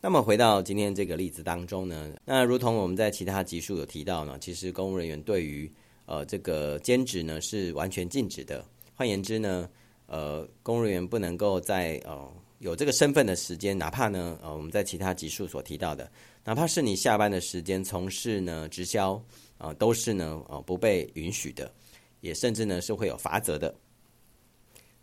那麼回到今天這個例子當中呢，那如同我們在其他集數有提到呢，其實公務人員對於呃這個兼職呢是完全禁止的。換言之呢，呃，公務人員不能夠在呃有這個身份的時間，哪怕呢呃我們在其他集數所提到的，哪怕是你下班的時間從事呢直銷啊，呃，都是呢呃不被允許的，也甚至呢是會有罰則的。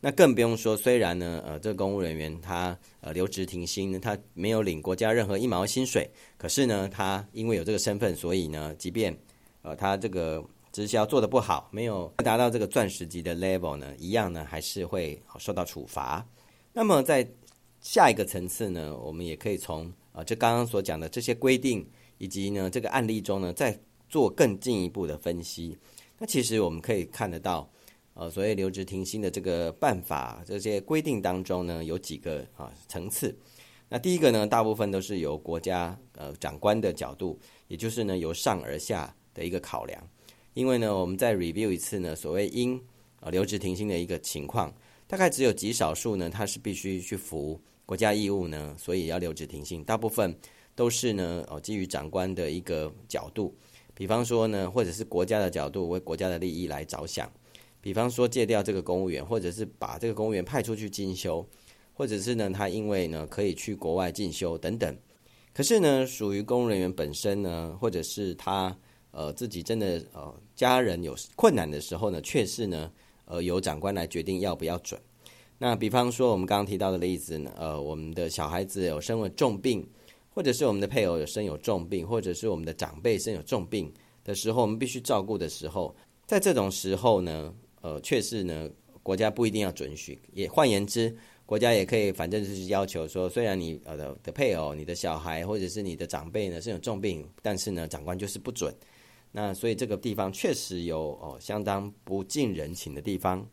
那更不用說，雖然呢，呃，這個公務人員他呃留職停薪，他沒有領國家任何一毛薪水，可是呢，他因為有這個身份，所以呢，即便呃他這個直銷做得不好，沒有達到這個鑽石級的 level 呢，一樣呢還是會受到處罰。那麼在下一個層次呢，我們也可以從呃，這剛剛所講的這些規定以及呢這個案例中呢，再做更進一步的分析。那其實我們可以看得到。呃，所謂留職停薪的這個辦法，這些規定當中呢，有幾個啊層次。那第一個呢，大部分都是由國家呃長官的角度，也就是呢由上而下的一個考量。因為呢，我們再 review 一次呢，所謂因，呃，留職停薪的一個情況，大概只有極少數呢，他是必須去服國家義務呢，所以要留職停薪。大部分都是呢哦，基於長官的一個角度，比方說呢，或者是國家的角度，為國家的利益來着想。比方說，借調這個公務員，或者是把這個公務員派出去進修，或者是呢，他因為呢可以去國外進修等等。可是呢，屬於公務人員本身呢，或者是他呃自己真的呃家人有困難的時候呢，卻是呢呃由長官來決定要不要准。那比方說我們剛剛提到的例子呢，呃我們的小孩子有生了重病，或者是我們的配偶有生有重病，或者是我們的長輩生有重病的時候，我們必須照顧的時候，在這種時候呢。呃，確實呢，國家不一定要准許，也換言之，國家也可以，反正就是要求說，雖然你呃的配偶、你的小孩或者是你的長輩呢是有重病，但是呢，長官就是不准。那所以這個地方確實有哦、呃、相當不近人情的地方，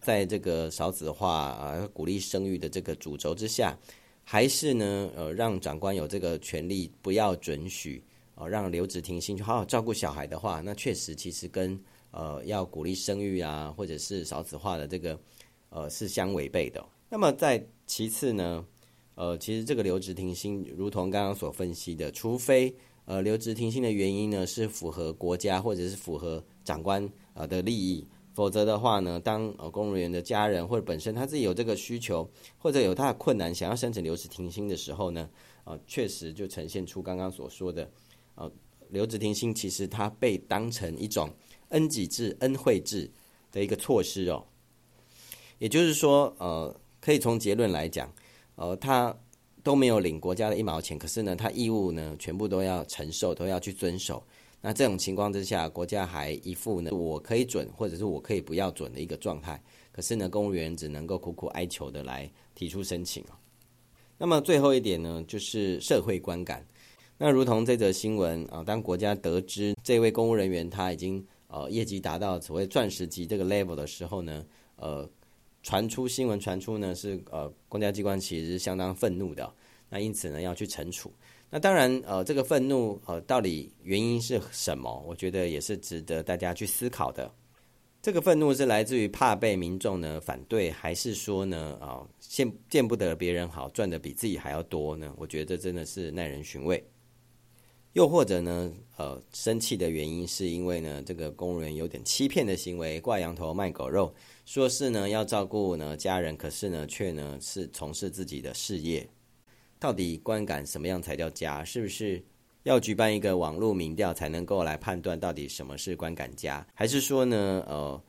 在這個少子化啊、呃、鼓勵生育的這個主軸之下，還是呢呃讓長官有這個權利不要准許哦、呃，讓留職停薪去好好照顧小孩的話，那確實其實跟。呃，要鼓勵生育啊，或者是少子化的這個，呃，是相違背的。那麼，在其次呢，呃，其實這個留職停薪，如同剛剛所分析的，除非呃留職停薪的原因呢是符合國家或者是符合長官呃的利益，否則的話呢，當呃公務員的家人或者本身他自己有這個需求，或者有他的困難，想要申請留職停薪的時候呢，呃，確實就呈現出剛剛所說的，呃，留職停薪其實它被當成一種。恩給制、恩惠制的一個措施哦，也就是說，呃，可以從結論來講，呃，他都沒有領國家的一毛錢，可是呢，他義務呢全部都要承受，都要去遵守。那這種情況之下，國家還一副呢，我可以準，或者是我可以不要準的一個狀態。可是呢，公務員只能夠苦苦哀求的來提出申請。那麼最後一點呢，就是社會觀感。那如同這則新聞啊，呃，當國家得知這位公務人員他已經。呃，業績達到所謂鑽石級這個 level 的時候呢，呃，傳出新聞，傳出呢是呃，公家機關其實是相當憤怒的。那因此呢，要去懲處。那當然，呃，這個憤怒呃，到底原因是什麼？我覺得也是值得大家去思考的。這個憤怒是來自於怕被民眾呢反對，還是說呢啊見、呃、見不得別人好，賺得比自己還要多呢？我覺得真的是耐人尋味。又或者呢？呃，生氣的原因是因為呢，這個工人有點欺騙的行為，掛羊頭賣狗肉，說是呢要照顧呢家人，可是呢卻呢是從事自己的事業。到底觀感什麼樣才叫家？是不是要舉辦一個網絡民調才能夠來判斷到底什麼是觀感家？還是說呢？呃，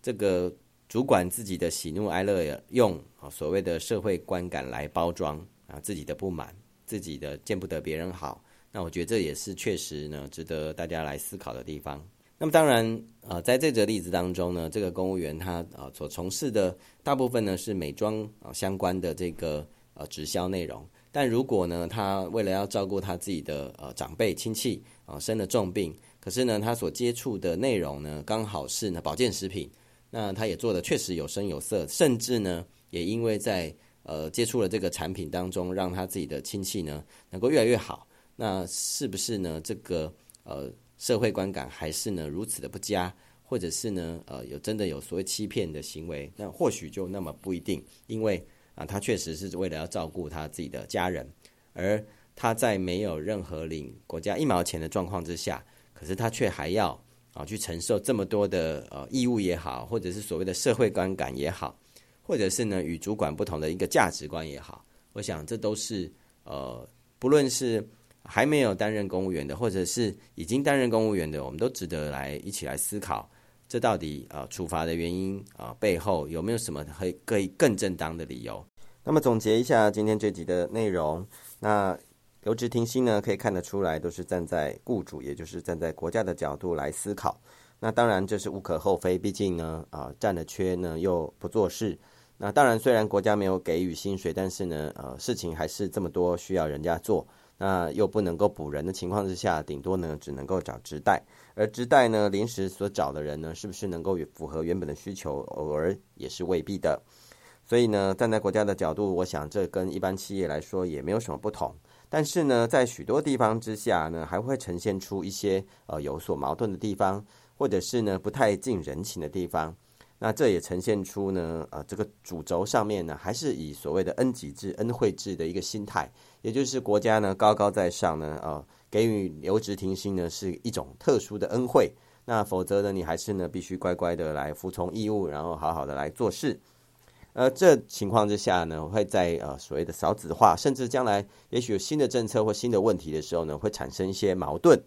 這個主管自己的喜怒哀樂用，用所謂的社會觀感來包裝啊自己的不滿，自己的見不得別人好。那我覺得這也是確實呢，值得大家來思考的地方。那麼當然，呃，在這則例子當中呢，這個公務員他啊、呃、所從事的大部分呢是美妝啊、呃、相關的這個呃直銷內容。但如果呢他為了要照顧他自己的呃長輩親戚啊、呃、生了重病，可是呢他所接觸的內容呢剛好是呢保健食品，那他也做的確實有聲有色，甚至呢也因為在呃接觸了這個產品當中，讓他自己的親戚呢能夠越來越好。那是不是呢？這個呃，社會觀感還是呢如此的不佳，或者是呢呃有真的有所謂欺騙的行為？那或許就那麼不一定，因為啊、呃，他確實是為了要照顧他自己的家人，而他在沒有任何領國家一毛錢的狀況之下，可是他卻還要啊、呃、去承受這麼多的呃義務也好，或者是所謂的社會觀感也好，或者是呢與主管不同的一個價值觀也好，我想這都是呃不論是。還沒有擔任公務員的，或者是已經擔任公務員的，我們都值得來一起來思考，這到底呃處罰的原因啊、呃、背後有沒有什麼可以更正當的理由？那麼總結一下今天這集的內容，那留職停薪呢，可以看得出來都是站在雇主，也就是站在國家的角度來思考。那當然這是無可厚非，畢竟呢啊、呃、佔了缺呢又不做事。那當然雖然國家沒有給予薪水，但是呢呃事情還是這麼多需要人家做。那又不能夠補人的情況之下，頂多呢只能夠找職代，而職代呢臨時所找的人呢，是不是能夠符合原本的需求？偶爾也是未必的。所以呢，站在國家的角度，我想這跟一般企業來說也沒有什麼不同。但是呢，在許多地方之下呢，還會呈現出一些呃有所矛盾的地方，或者是呢不太近人情的地方。那這也呈現出呢，呃，這個主軸上面呢，還是以所謂的恩給制、恩惠制的一個心態，也就是國家呢高高在上呢，呃，給予留職停薪呢是一種特殊的恩惠。那否則呢，你還是呢必須乖乖的來服從義務，然後好好的來做事。呃，這情況之下呢，我會在呃所謂的少子化，甚至將來也許有新的政策或新的問題的時候呢，會產生一些矛盾。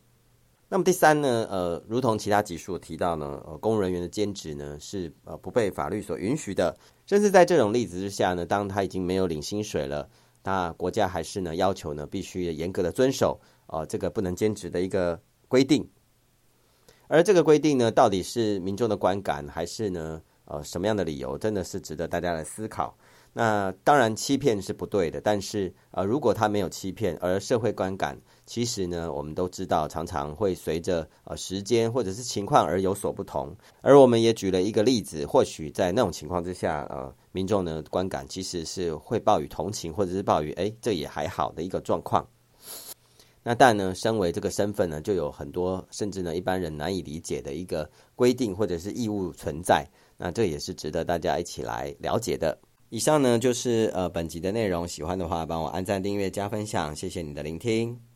那麼第三呢，呃，如同其他集數提到呢，呃，公務人員的兼職呢是呃不被法律所允許的，甚至在這種例子之下呢，當他已經沒有領薪水了，那國家還是呢要求呢必須嚴格的遵守，呃，這個不能兼職的一個規定，而這個規定呢，到底是民眾的觀感，還是呢，呃，什麼樣的理由，真的是值得大家來思考。那當然，欺騙是不對的。但是，呃，如果他沒有欺騙，而社會觀感，其實呢，我們都知道，常常會隨着呃時間或者是情況而有所不同。而我們也舉了一個例子，或許在那種情況之下，呃，民眾的觀感其實是會報以同情，或者是報以哎這也還好的一個狀況。那但呢，身為這個身份呢，就有很多甚至呢一般人難以理解的一個規定或者是義務存在。那這也是值得大家一起來了解的。以上呢就是呃本集的內容，喜歡的話幫我按贊、訂閱、加分享，謝謝你的聆聽。